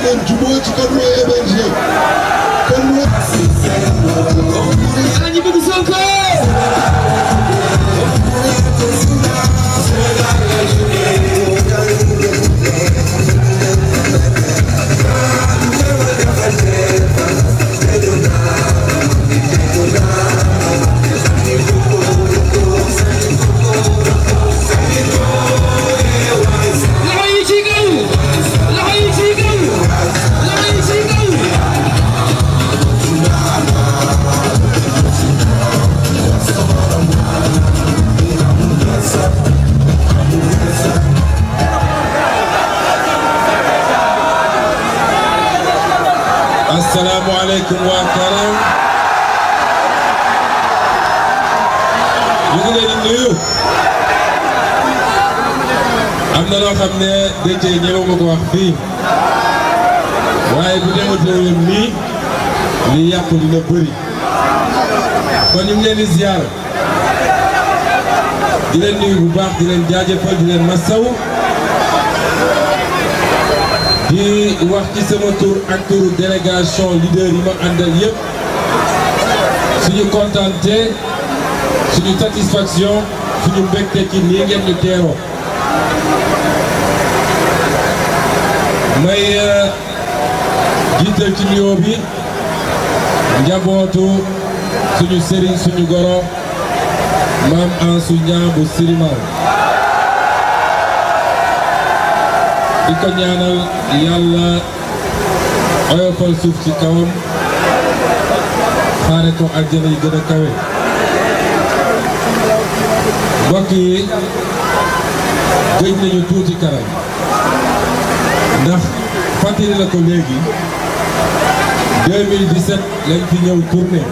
ngeen jubóo ci kanamu EBRD na waaye bu dematoon yàqu dina bëri kon di leen nuyu bu baax di leen jaajëfal di leen masaw di wax ci sama tur ak turu délégation leader yi ma àndal yëpp suñu contenté suñu satisfaction suñu mbégte ci nii ngeen teeroo may eh, jiital ci nuyoo bi njabootu suñu sëriñ suñu goro maam Ansu Ñaŋ bu di ko ñaanal yàlla oyofal suuf ci kawam xaare ko aljana yi gën a kawe mbokk yi nañu tuuti karam ndax fàttali la ko léegi 2017 lañ fi ñëw tournée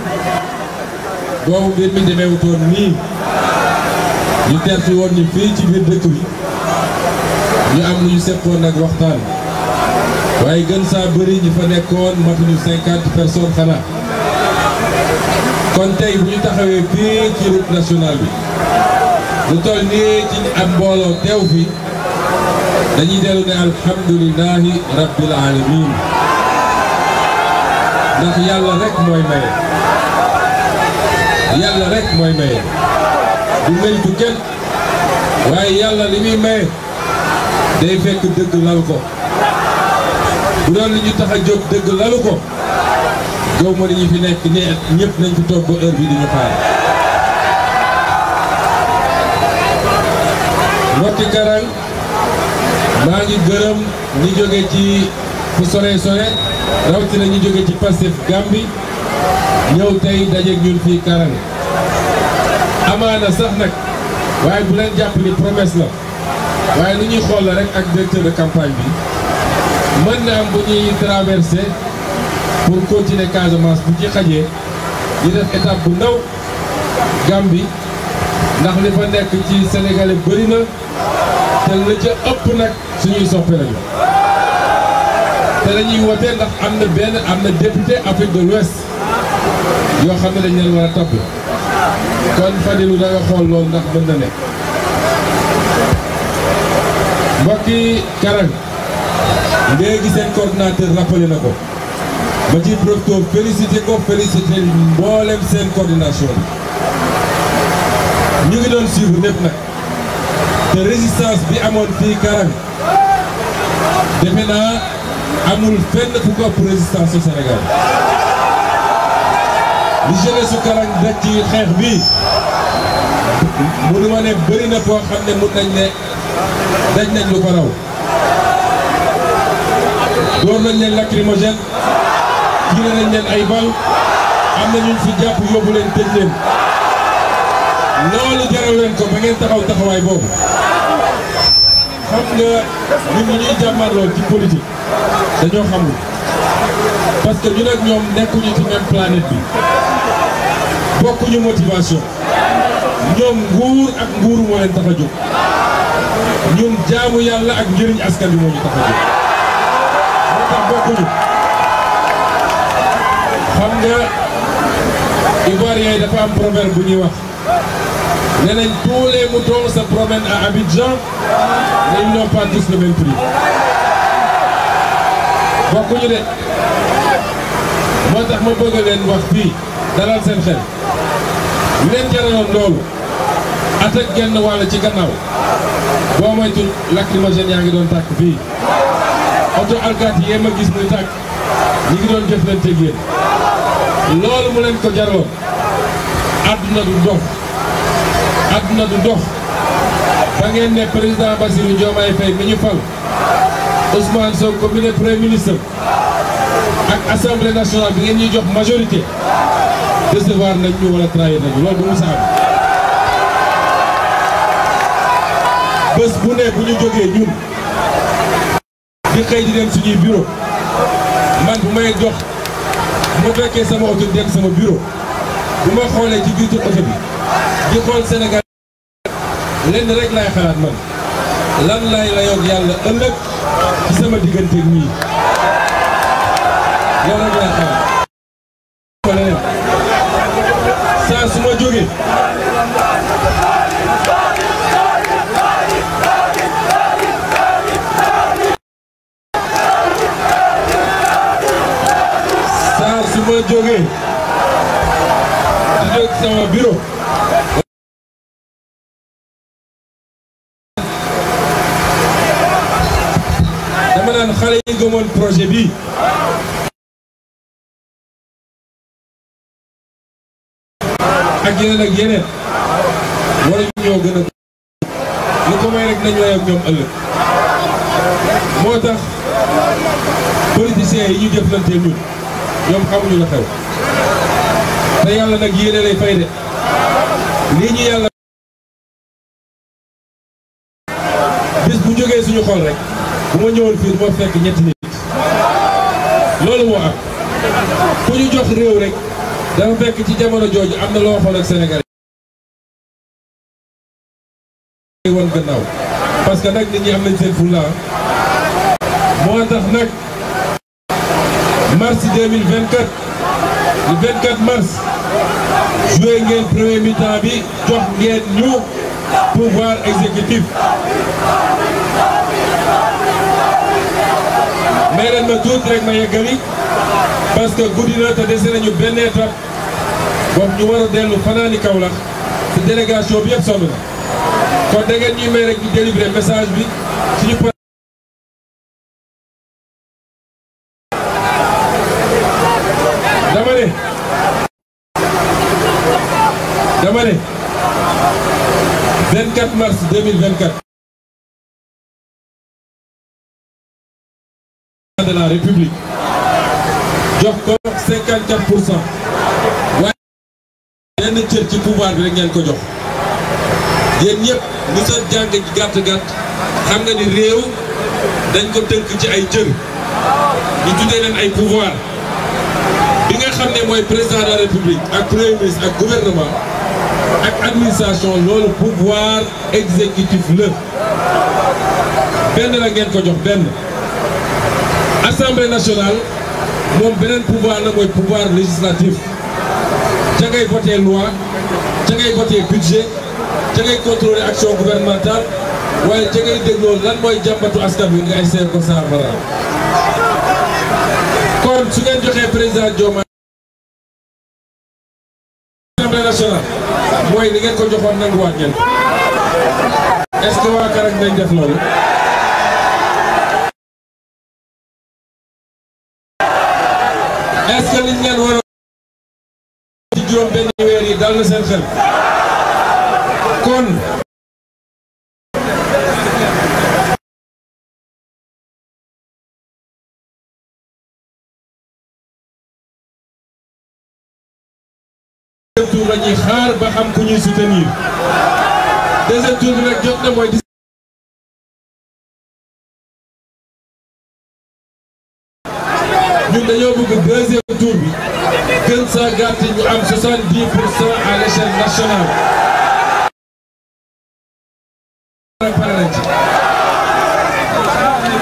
boobu mbir mi demeewutoon nii ñu tertu woon ñu fii ci biir dëkk bi ñu am lu ñu seppoon ak waxtaan waaye gën saa bëri ñi fa nekkoon matuñu cinquante personnes xanaa kon tey bu ñu taxawee fii ci route nationale bi lu toll nii ci am mbooloo teew fi dañuy dellu ne alhamdulilahi rabbil alamin ndax yàlla rek mooy maye yàlla rek mooy maye du waaye yàlla li muy maye day fekk dëgg lal ko bu doon li ñu tax jóg dëgg lalu ko gaw ñu fi nekk ne nañ fi toog ba heure bi di ñu xaar Moti Karang ngi gërëm ñi jóge ci fu sore sore rawatina ñi jóge ci Pastef Gàmbi ñëw tey dajeeg ñun fii Karang amaana sax nag waaye bu leen jàpp ni promesse la waaye lu ñuy xool la rek ak directeur de campagne bi mën na am bu ñuy traversé pour continuer Casamance bu ci xajee di def bu ndaw Gàmbi ndax li fa nekk ci Sénégalais bëri na te la ca ëpp nag suñuy soppe lañu te dañuy wote ndax am na benn am na député Afrique de l'Ouest yoo xam ne dañ leen war a topp kon Fadilou da xool loolu ndax mën na nekk mbokki Karang léegi seen coordinateur rappelé na ko ma ciy profité félicité ko félicité mboolem seen coordination ñu ngi doon suivre lépp nag te résistance bi amoon fii Karang defe naa amul fenn ku ko ëpp résistance au Sénégal li jeunesse su Karang daci xeex bi mënu ma ne bëri na foo xam ne mun nañ ne daj nañ lu ko raw door nañ leen lacrymogène tiire nañ leen ay bal am na ñu fi jàpp yóbbu leen tëj leen loolu jaral leen ko ba ngeen taxaw taxawaay boobu xam nga ñun ñuy jàmmarloo ci politique que ñu nag ñoom nekkuñu bi bokkuñu motivation ñoom nguur ak nguur moo leen tax a jóg ak njëriñ askan bi a jóg bokkuñu xam nga Ivoirien yi dafa am proverbe bu ñuy wax nee nañ tous les moutons se promènent mais ils n'ont pas tous le même prix bokkuñu de moo tax ma bëgg leen wax fii dalal seen xel leen jaraloon loolu at genn wàll ci gannaaw boo ma lacrymogène yaa ngi doon tàkk fii oto alkaati yee ma gis muy tàkk ñi ngi doon jëflanteeg yéen loolu mu leen ko jaraloon àdduna du dox àdduna du dox ba ngeen ne président Bassirou Diomaye Faye mi ñu fal Ousmane Sonko mi ne premier ministre ak assemblée nationale bi ngeen ñuy jox majorité décevoir nañ ñu wala trahir nañu loolu bu mu saam bu ne bu ñu jógee ñun di xëy di dem suñuy bureau man bu may jox bu ma fekkee sama oto dem sama bureau bu may xoolee ci biir oto bi di xool Sénégal lenn rek laay xalaat man lan lay layoog yàlla ëllëg ci sama diggante ñii yow rek laay xalaat ko leneen saa su ma jógee saa su ma jógee di jóg sama bureau ñi gëmoon bi ak yeneen ak yeneen war ñu ñoo gën a lu ko may rek nañu ak ñoom moo tax politiciens yi ñu jëflante ñun ñoom xamuñu la xew te yàlla nag yéene lay fay de ñu yàlla bis bu jógee suñu xol rek bu ma ñëwoon fii ma fekk ñetti nit loolu moo am ku ñu jox réew rek dafa fekk ci jamono jooju am na loo waxoon Sénégal yi woon gannaaw parce que nag nit ñi am nañ seen fulla moo tax nag mars 2024 le 24 mars joué ngeen premier mi bi jox ngeen ñu pouvoir exécutif tuuti rek ma yeggali parce que guddi mars 2024 de la république jox ko 54 pour cent waaye benn cër ci pouvoir bi rek ngeen ko jox yéen ñëpp lu sa jàng gàtt gàtt xam nga ni réew dañ ko tënk ci ay cër ñu tuddee leen ay pouvoir bi nga xam ne mooy président de la république ak premier ministre ak gouvernement ak administration loolu pouvoir exécutif la benn la ngeen ko jox benn. assemblée nationale moom beneen pouvoir la mooy pouvoir législatif ca ngay voté loi ca ngay voté budget ca ngay contrôler action gouvernementale waaye ca ngay dégloo lan mooy jàmbatu askan wi nga ay seer ko saafara kon su ngeen joxee président Diomaye mooy li ngeen ko joxoon nanguwaat ngeen est-ce que waa def loolu liñ leen waroon ci juróom benn weer yi dal na seen xel kon deuxième tour la ñuy xaar ba xam ku ñuy soutenir deuxième tour bi nag jot na mooy ñun dañoo bëgg deuxième tour bi gën saa gàtt ñu am 70 pour cent à l'échelle nationale.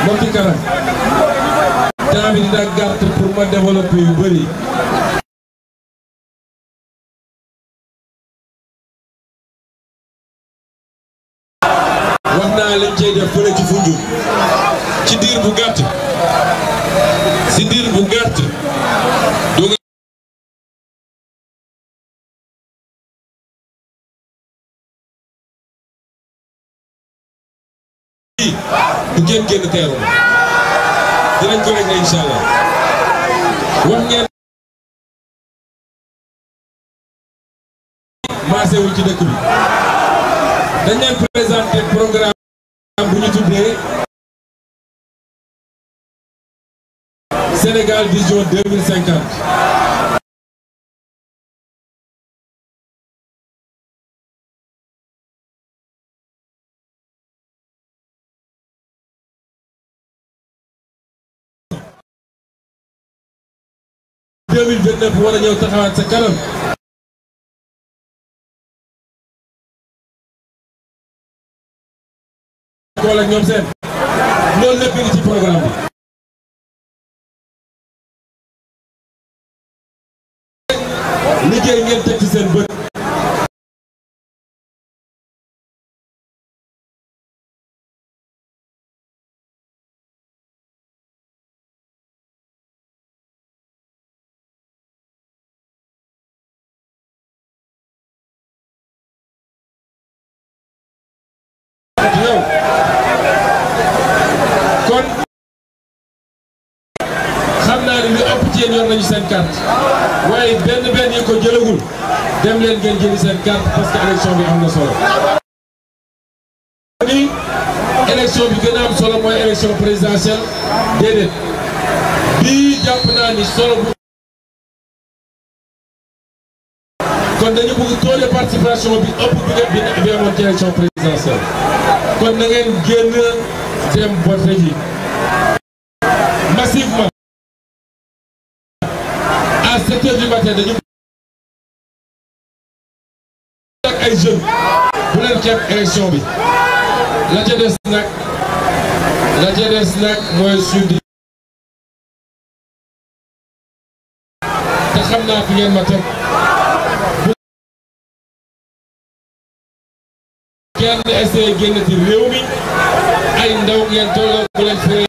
mbokki Kara temps bi dina gàtt pour ma développer yu bëri. wax naa lañ cey def fële ci Foundiougne ci diir bu gàtt si diir bu gàtt du bu ngeen génn teeru dinañ ko allah wax ngeen maasewul ci dëkk dañ leen présenter programme bu ñu tuddee Sénégal vision 2050 2029 war a ñëw taxawaat sa kanam boole ak ñoom seen loolu lépp ngi ci programme bi. yéen yor nañu seen carte waaye benn benn yi ko jëlagul dem leen ngeen jëli seen carte parce bi am na solo. ni ni solo bu. kon dañu bëgg taux de participation bi bi nga bi amoon présidentielle kon na ngeen génn dem ji. sept heures du matin dañu ak ay jeunes bu leen xeeb élection bi la ca des nag la ca des nag mooy sudi te xam naa fi ngeen ma teg kenn essayé génnati réew mi ay ndaw ngeen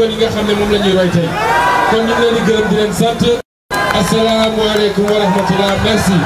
góorgóorlu yi nga xam ne moom la ñuy roy tey kon ñu ngi leen di gërëm di leen sant asalaamaaleykum wa rahmatulah merci.